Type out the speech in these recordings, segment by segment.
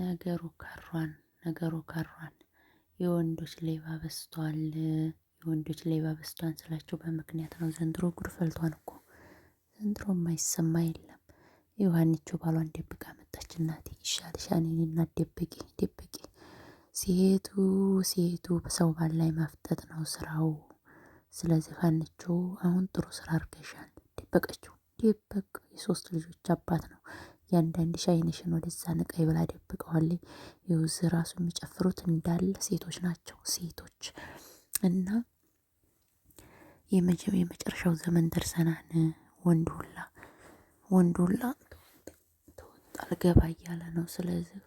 ነገሩ ከሯን ነገሩ ከሯን የወንዶች ሌባ በስቷል። የወንዶች ሌባ በስቷን ስላቸው በምክንያት ነው። ዘንድሮ ጉድ ፈልቷን እኮ ዘንድሮ የማይሰማ የለም። ዮሐንቸው ባሏን ደብቃ መጣች። እናቴ ይሻልሻል፣ እኔና ደብቂ ደብቂ። ሴቱ ሴቱ በሰው ባል ላይ ማፍጠጥ ነው ስራው። ስለዚህ ዮሐንቸው አሁን ጥሩ ስራ አርገሻል። ደበቀችው። ደበቅ የሶስት ልጆች አባት ነው። የአንዳንድ ሻይንሽን ወደዛ ነቃይ ብላ ደብቀዋለኝ። የውዝ ራሱ የሚጨፍሩት እንዳለ ሴቶች ናቸው ሴቶች እና የመጨረሻው ዘመን ደርሰናን ወንዱላ ወንዱላ ተወጣል ገባ እያለ ነው። ስለዚህ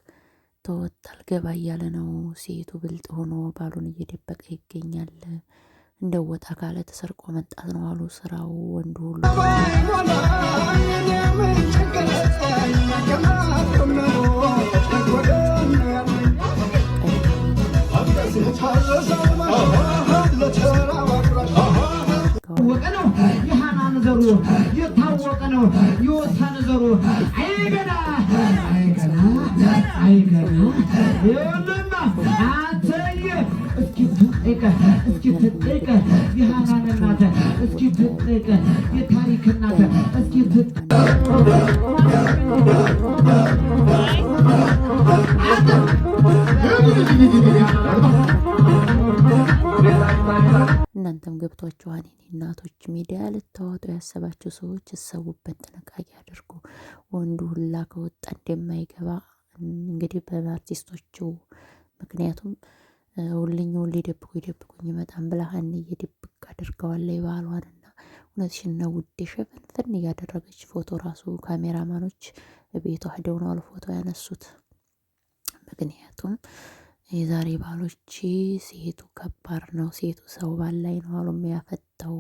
ተወጣል ገባ እያለ ነው። ሴቱ ብልጥ ሆኖ ባሉን እየደበቀ ይገኛል። እንደ ወጣ ካለ ተሰርቆ መጣት ነው አሉ ስራው ወንድ ሁሉ። የታወቀ ነው የወጣ ነገሩ አይገና አይገና አይገና እስኪ ትጠይቅ የሃናን እናት እስኪ ትጠይቅ የታሪክ እናት እስኪ እናንተም ገብቷችኋል። እናቶች ሚዲያ ልታወጡ ያሰባቸው ሰዎች እሰቡበት፣ ጥንቃቄ አድርጉ። ወንዱ ሁላ ከወጣ እንደማይገባ እንግዲህ በአርቲስቶቹ ምክንያቱም ሁልኝ ሁሌ ደብቁ ደብቁኝ መጣም ብላ ሀንዬ ድብቅ አድርገዋለች ባሏንና እውነትሽን ነው ውዴ ሽፍንፍን እያደረገች ፎቶ ራሱ ካሜራማኖች ቤቷ ሄደው ነው ፎቶ ያነሱት። ምክንያቱም የዛሬ ባሎች ሴቱ ከባድ ነው፣ ሴቱ ሰው ባል ላይ ነው አሉ የሚያፈጠው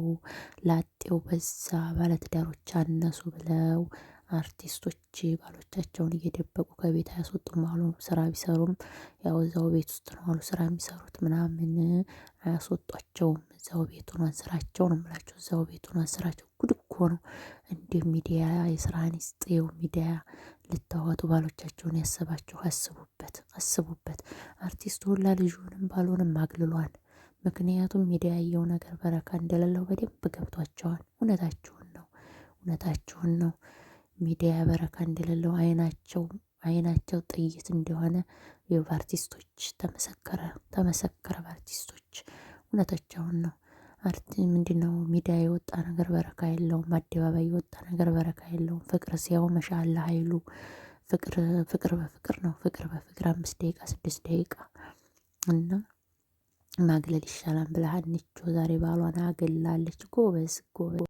ላጤው በዛ ባለትዳሮች አነሱ ብለው አርቲስቶች ባሎቻቸውን እየደበቁ ከቤት አያስወጡም አሉ። ስራ ቢሰሩም ያው እዛው ቤት ውስጥ ነው አሉ ስራ የሚሰሩት ምናምን አያስወጧቸውም እዛው ቤት ሆኗል ስራቸው ነው ምላቸው። እዛው ቤት ሆኗል ስራቸው ጉድ እኮ ነው። እንዲ ሚዲያ የስራን ይስጥህ ሚዲያ ልታዋጡ ባሎቻቸውን ያሰባቸው አስቡበት አስቡበት አርቲስት ሁላ ልጅንም ባልሆንም አግልሏል። ምክንያቱም ሚዲያ ያየው ነገር በረካ እንደሌለው በደንብ ገብቷቸዋል። እውነታችሁን ነው እውነታችሁን ነው ሚዲያ በረካ እንደሌለው አይናቸው አይናቸው ጥይት እንደሆነ ይኸው በአርቲስቶች ተመሰከረ ተመሰከረ በአርቲስቶች እውነታቸውን ነው። አርቲ ምንድነው ሚዲያ የወጣ ነገር በረካ የለውም። አደባባይ የወጣ ነገር በረካ የለውም። ፍቅር ሲያው መሻለ ሀይሉ ፍቅር ፍቅር በፍቅር ነው። ፍቅር በፍቅር አምስት ደቂቃ ስድስት ደቂቃ እና ማግለል ይሻላል ብለሃንቾ ዛሬ ባሏን አገላለች። ጎበዝ ጎበዝ